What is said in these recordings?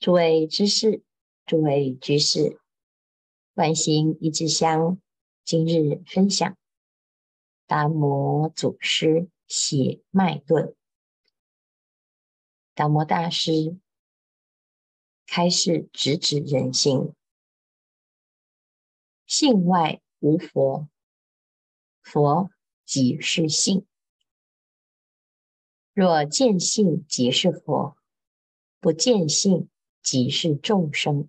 諸位居士，諸位居士，觀心一支香，今日分享，達摩祖師血脈論，達摩大師開示直指人心，性外無佛，佛即是性，若見性即是佛，不見性。即是眾生，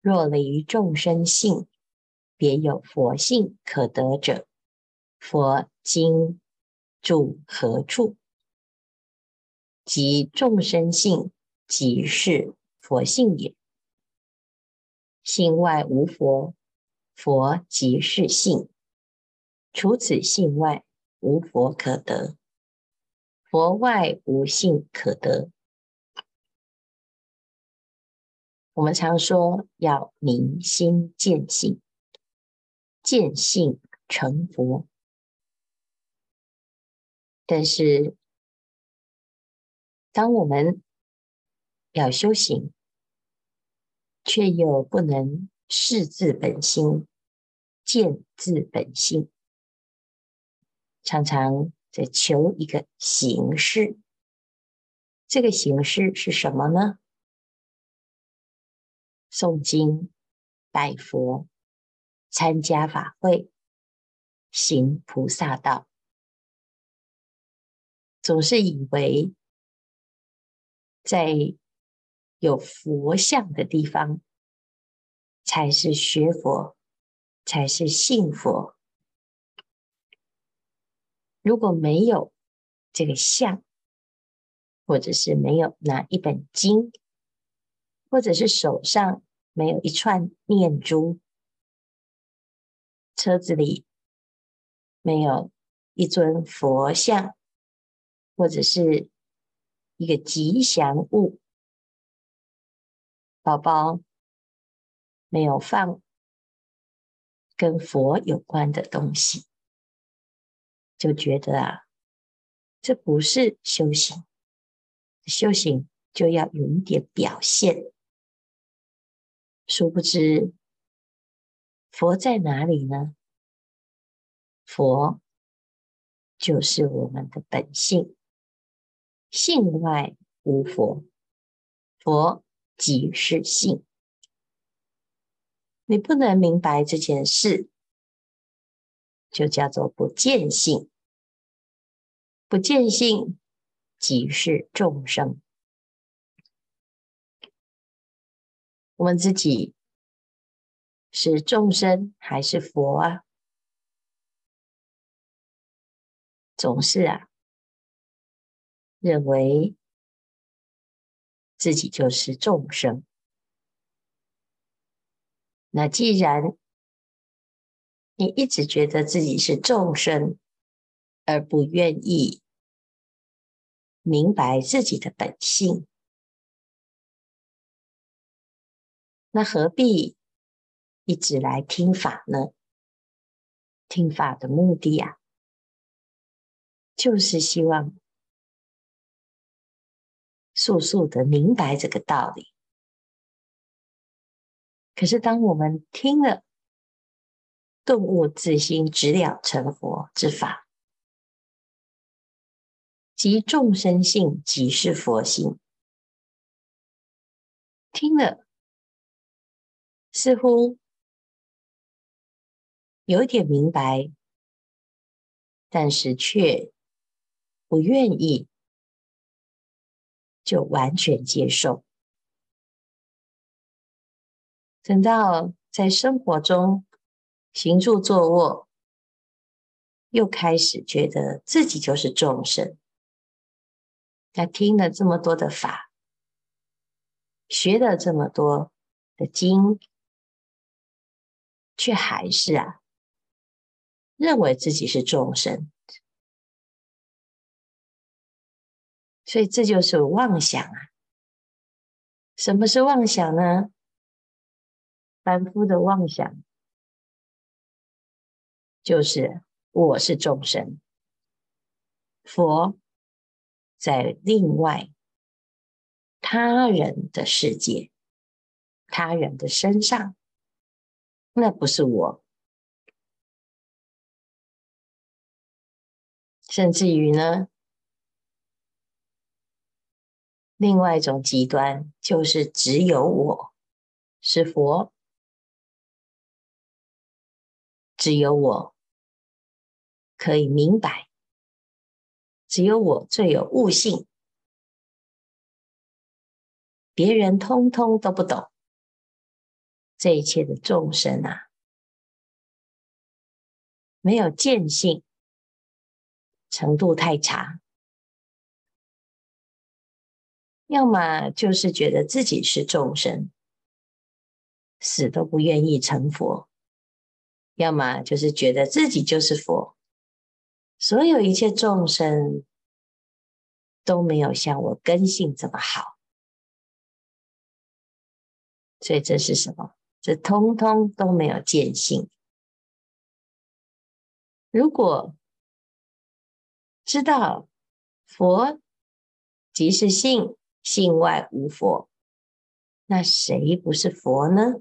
若離眾生性，別有佛性可得者，佛今住何處？即眾生性，即是佛性也。性外無佛，佛即是性，除此性外，無佛可得；佛外無性可得。我們常說要明心見性，見性成佛。但是，當我們要修行，卻又不能識自本心，見自本性，常常在求一個形式。這個形式是什麼呢？誦經、拜佛、參加法會、行菩薩道，總是以為在有佛像的地方才是學佛，才是信佛。如果沒有這個像，或者是沒有拿一本經，或者是手上沒有一串念珠，車子裡沒有一尊佛像，或者是一個吉祥物，包包沒有放跟佛有關的東西，就覺得啊，這不是修行，修行就要有一點表現。殊不知，佛在哪裡呢？佛就是我們的本性，性外無佛，佛即是性。你不能明白這件事，就叫做不見性。不見性即是眾生。問自己是眾生還是佛啊？總是啊，認為自己就是眾生。那既然你一直覺得自己是眾生，而不願意明白自己的本性。那何必一直來聽法呢？聽法的目的啊，就是希望速速的明白這個道理。可是當我們聽了頓悟自心直了成佛之法，即眾生性即是佛性，聽了。似乎有點明白，但是卻不願意就完全接受。等到在生活中行住坐臥，又開始覺得自己就是眾生。那聽了這麼多的法，學了這麼多的經。卻還是啊，認為自己是眾生，所以這就是妄想啊。什麼是妄想呢？凡夫的妄想就是“我是眾生，佛在另外他人的世界，他人的身上”。那不是我，甚至於呢，另外一種極端就是只有我是佛，只有我可以明白，只有我最有悟性，別人通通都不懂。這一切的眾生啊，沒有見性，程度太差，要麼就是覺得自己是眾生，死都不願意成佛；要麼就是覺得自己就是佛，所有一切眾生都沒有像我根性這麼好，所以這是什麼？這通通都沒有見性。如果知道佛即是性，性外無佛，那誰不是佛呢？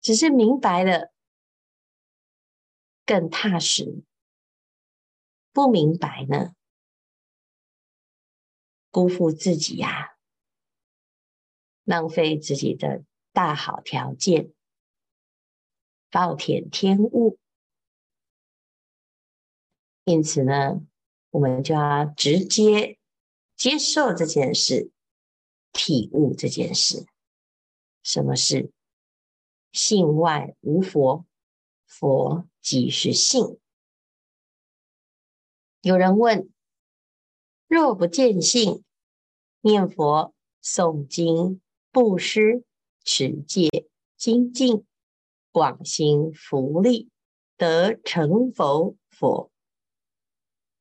只是明白了，更踏實，不明白呢？辜負自己呀、啊。浪費自己的大好條件，暴殄天，天物。因此呢，我們就要直接接受這件事，體悟這件事。什麼是性外無佛，佛即是性。有人問：若不見性，念佛誦經，布施、持戒、精進，廣興福利，得成佛否？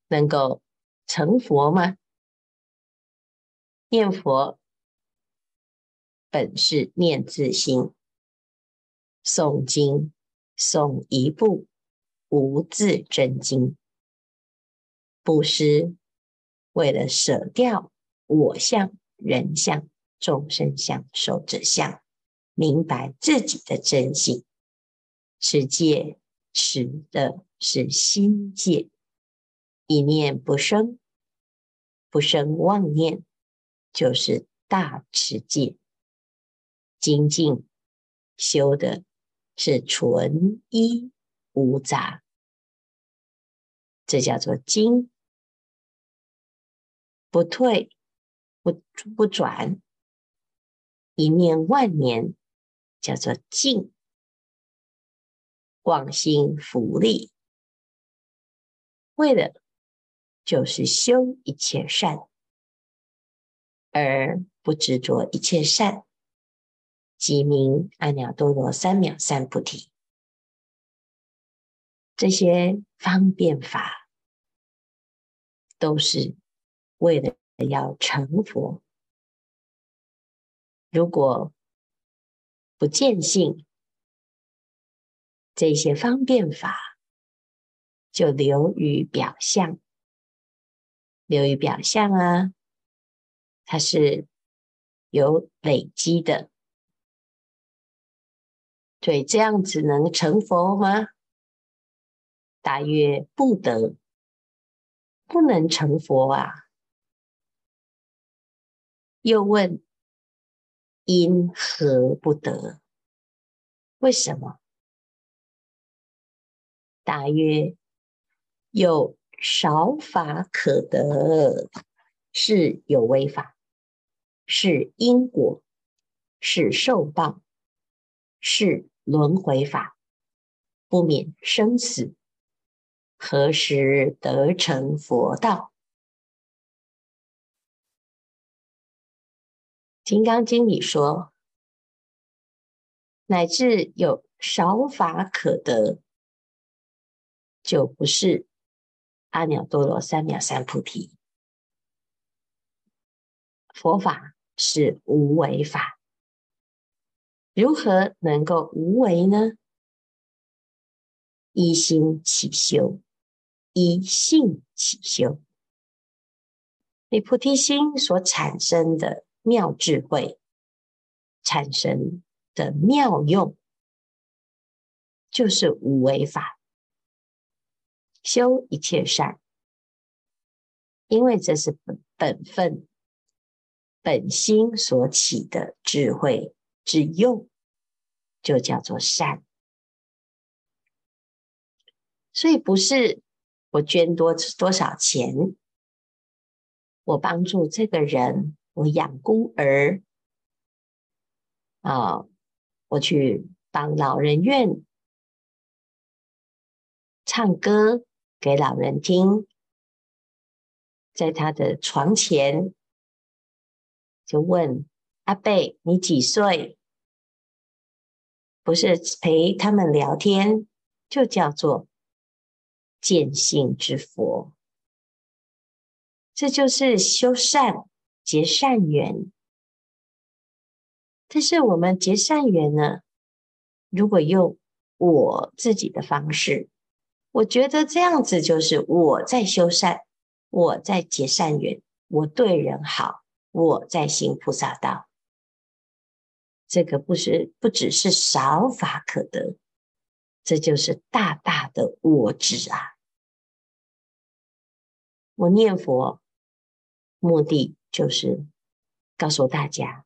能夠成佛嗎？念佛本是念自心，誦經誦一部無字真經，布施為了舍掉我相人相、眾生相、壽者相，明白自己的真心，持戒持的是心戒，一念不生，不生妄念，就是大持戒。精進修的是純一無雜，這叫做精，不退，不不轉。一念萬年，叫做靜。廣興福利，為的，就是修一切善，而不執着一切善，即名阿耨多羅三藐三菩提。這些方便法，都是為了要成佛。如果不見性，這些方便法就流於表象，流於表象啊，它是有累積的。對，這樣子能成佛嗎？答曰：不得，不能成佛啊。又問。因何不得？為什麼？答曰：有少法可得，是有為法，是因果，是受報，是輪迴法，不免生死。何時得成佛道？《金剛經》裡說：“乃至有少法可得，就不是阿耨多羅三藐三菩提。佛法是無為法，如何能夠無為呢？一心起修，一性起修，你菩提心所產生的。”妙智慧產生的妙用，就是無為法，修一切善，因為這是本本分本心所起的智慧之用，就叫做善。所以不是我捐多多少錢，我幫助這個人。我養孤兒，啊、哦，我去幫老人院唱歌給老人聽，在他的床前就問阿伯：“你幾歲？”不是陪他們聊天，就叫做見性之佛。這就是修善。結善緣，但是我們結善緣呢？如果用我自己的方式，我覺得這樣子就是我在修善，我在結善緣，我對人好，我在行菩薩道。這個不是，不只是少法可得，這就是大大的我執啊！我念佛目的，就是告訴大家，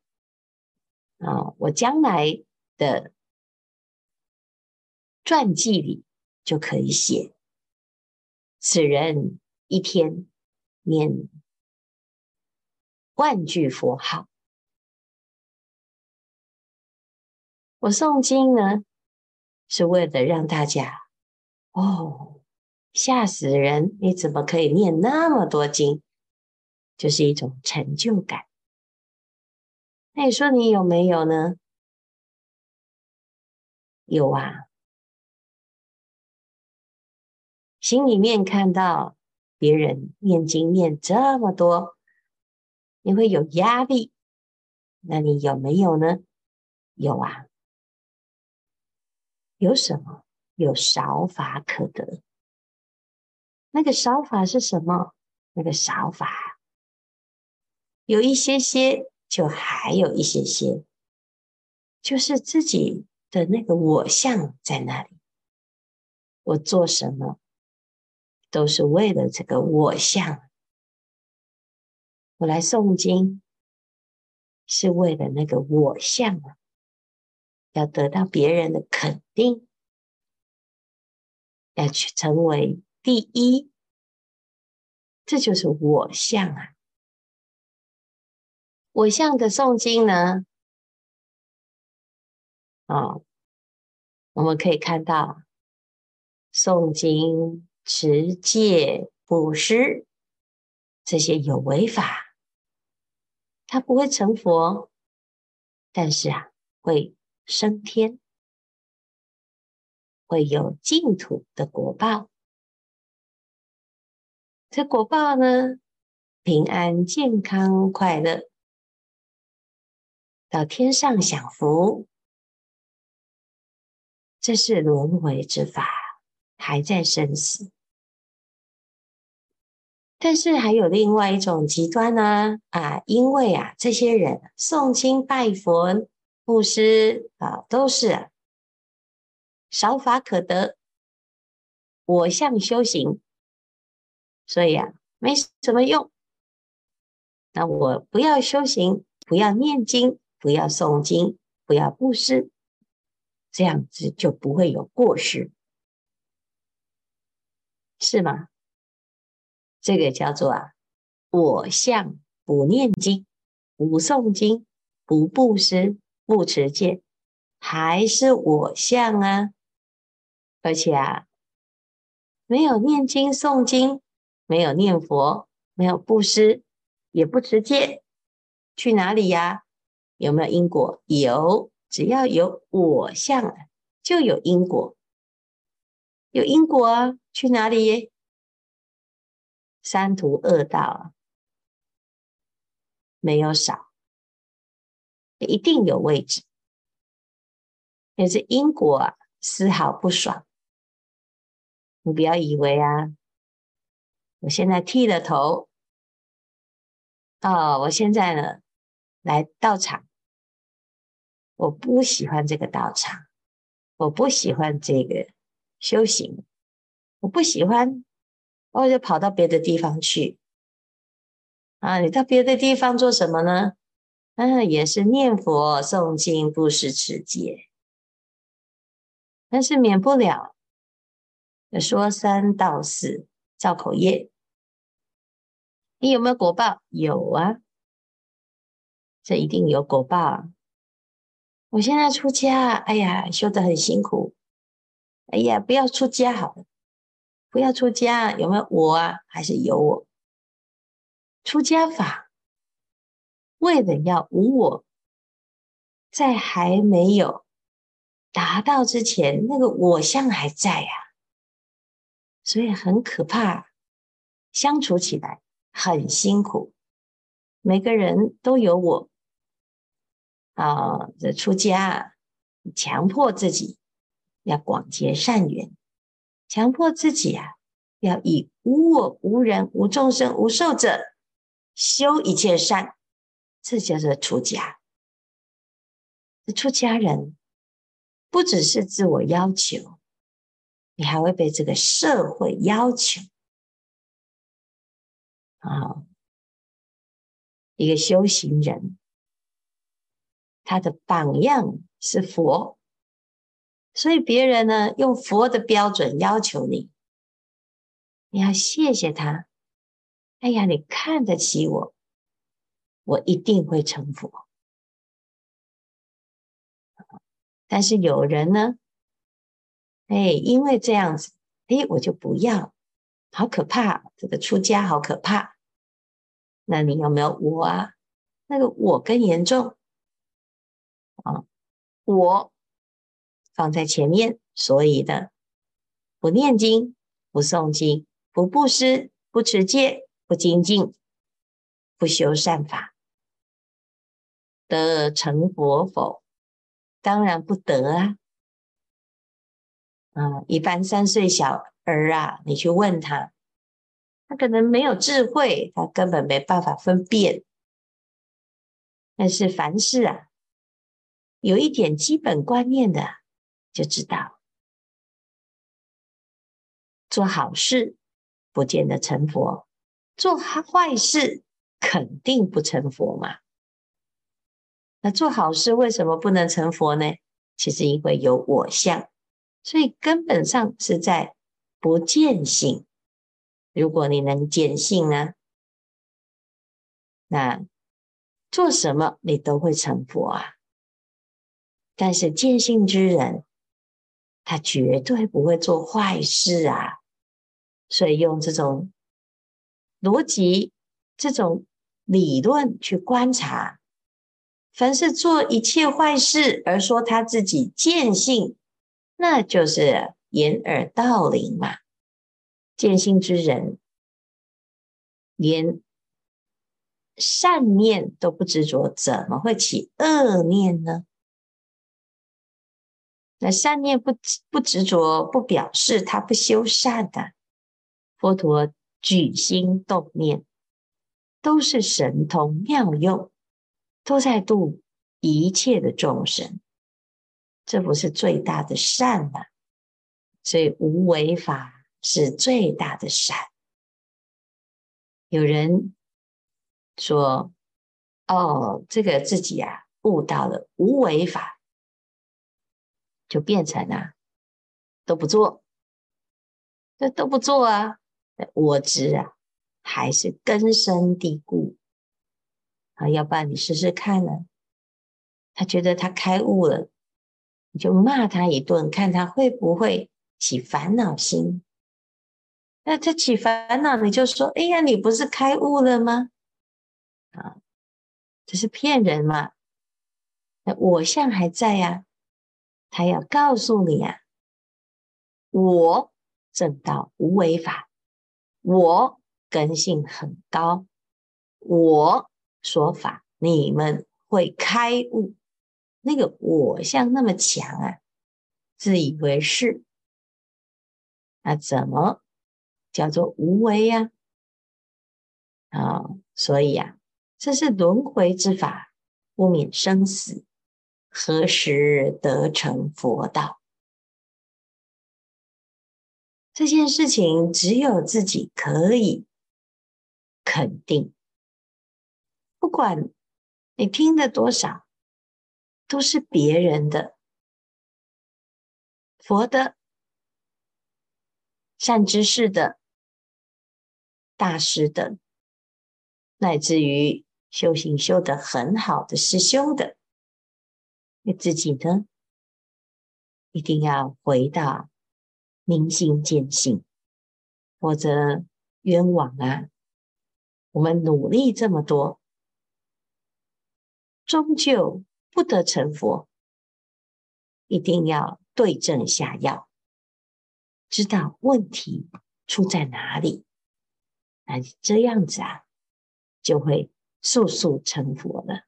啊、哦，我將來的傳記裡就可以寫，此人一天念萬句佛號。我誦經呢，是為了讓大家，哦，嚇死人！你怎麼可以念那麼多經？就是一種成就感，那你說你有沒有呢？有啊，心裡面看到別人念經念這麼多，你會有壓力，那你有沒有呢？有啊，有什麼？有少法可得，那個少法是什麼？那個少法。有一些些，就還有一些些，就是自己的那個我相在那裡。我做什麼都是為了這個我相。我來誦經是為了那個我相啊，要得到別人的肯定，要去成為第一，這就是我相啊。我像的誦經呢，哦，我們可以看到誦經、持戒、布施這些有為法，他不會成佛，但是啊，會升天，會有淨土的果報。這果報呢，平安、健康、快樂。到天上享福，這是輪回之法，還在生死。但是還有另外一種極端呢、啊，啊，因為啊，這些人誦經拜佛、布施啊，都是、啊、少法可得，我相修行，所以啊，沒什麼用。那我不要修行，不要念經。不要誦經，不要布施，這樣子就不會有過失，是嗎？這個叫做啊，我相不念經，不誦經，不布施，不持戒，還是我相啊？而且啊，沒有念經誦經，沒有念佛，沒有布施，也不持戒，去哪裡呀、啊？有沒有因果？有，只要有我相，就有因果。有因果啊，去哪裡？三途惡道啊，沒有少，一定有位置。可是因果啊，絲毫不爽。你不要以為啊，我現在剃了頭，哦，我現在呢來到場。我不喜歡這個道場，我不喜歡這個修行，我不喜歡，我就跑到別的地方去。啊，你到別的地方做什麼呢？嗯、啊，也是念佛、誦經、布施、持戒，但是免不了說三道四、造口業。你有沒有果報？有啊，這一定有果報。我現在出家，哎呀，修得很辛苦，哎呀，不要出家好了，不要出家，有沒有我啊？還是有我。出家法為了要無我，在還沒有達到之前，那個我相還在啊，所以很可怕，相處起來很辛苦，每個人都有我。啊、哦，這出家，強迫自己要廣結善緣，強迫自己啊，要以無我、無人、無眾生、無壽者修一切善，這叫做出家。這出家人不只是自我要求，你還會被這個社會要求。啊、哦，一個修行人。他的榜樣是佛，所以別人呢，用佛的標準要求你，你要謝謝他。哎呀，你看得起我，我一定會成佛。但是有人呢，哎，因為這樣子，哎，我就不要，好可怕！這個出家好可怕。那你有沒有我啊？那個我更嚴重。我放在前面，所以的不念經、不誦經、不布施、不持戒、不精進、不修善法，得成佛否？當然不得啊！一般三歲小兒啊，你去問他，他可能沒有智慧，他根本沒辦法分辨。但是凡事啊。有一點基本觀念的，就知道做好事不見得成佛，做壞事肯定不成佛嘛。那做好事為什麼不能成佛呢？其實因為有我相，所以根本上是在不見性。如果你能見性呢？啊，那做什麼你都會成佛啊。但是見性之人，他絕對不會做壞事啊。所以用這種邏輯、這種理論去觀察，凡是做一切壞事而說他自己見性，那就是掩耳盜鈴嘛。見性之人連善念都不執着，怎麼會起惡念呢？那善念不執不執着，不表示他不修善的啊。佛陀舉心動念，都是神通妙用，都在度一切的眾生。這不是最大的善嗎啊？所以無為法是最大的善。有人說：“哦，這個自己啊，悟到了無為法。”就變成了、啊、都不做，那都不做啊！我執啊，還是根深蒂固啊！要不然你試試看呢、啊？他覺得他開悟了，你就罵他一頓，看他會不會起煩惱心。那他起煩惱，你就說：“哎呀，你不是開悟了嗎？”啊，這是騙人嘛？那我相還在呀、啊。他要告訴你啊，我正道無為法，我根性很高，我說法你們會開悟。那個我相那麼強啊，自以為是，那怎麼叫做無為呀、啊？啊、哦，所以啊，這是輪迴之法，不免生死。何時得成佛道？這件事情只有自己可以肯定。不管你聽的多少，都是別人的、佛的、善知識的、大師的，乃至於修行修得很好的師兄的。你自己呢，一定要回到明心見性，或者冤枉啊，我們努力這麼多，終究不得成佛，一定要對症下藥，知道問題出在哪裡，那這樣子啊，就會速速成佛了。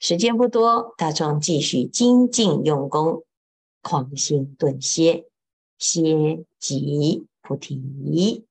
時間不多，大眾繼續精進用功，狂心頓歇，歇即菩提。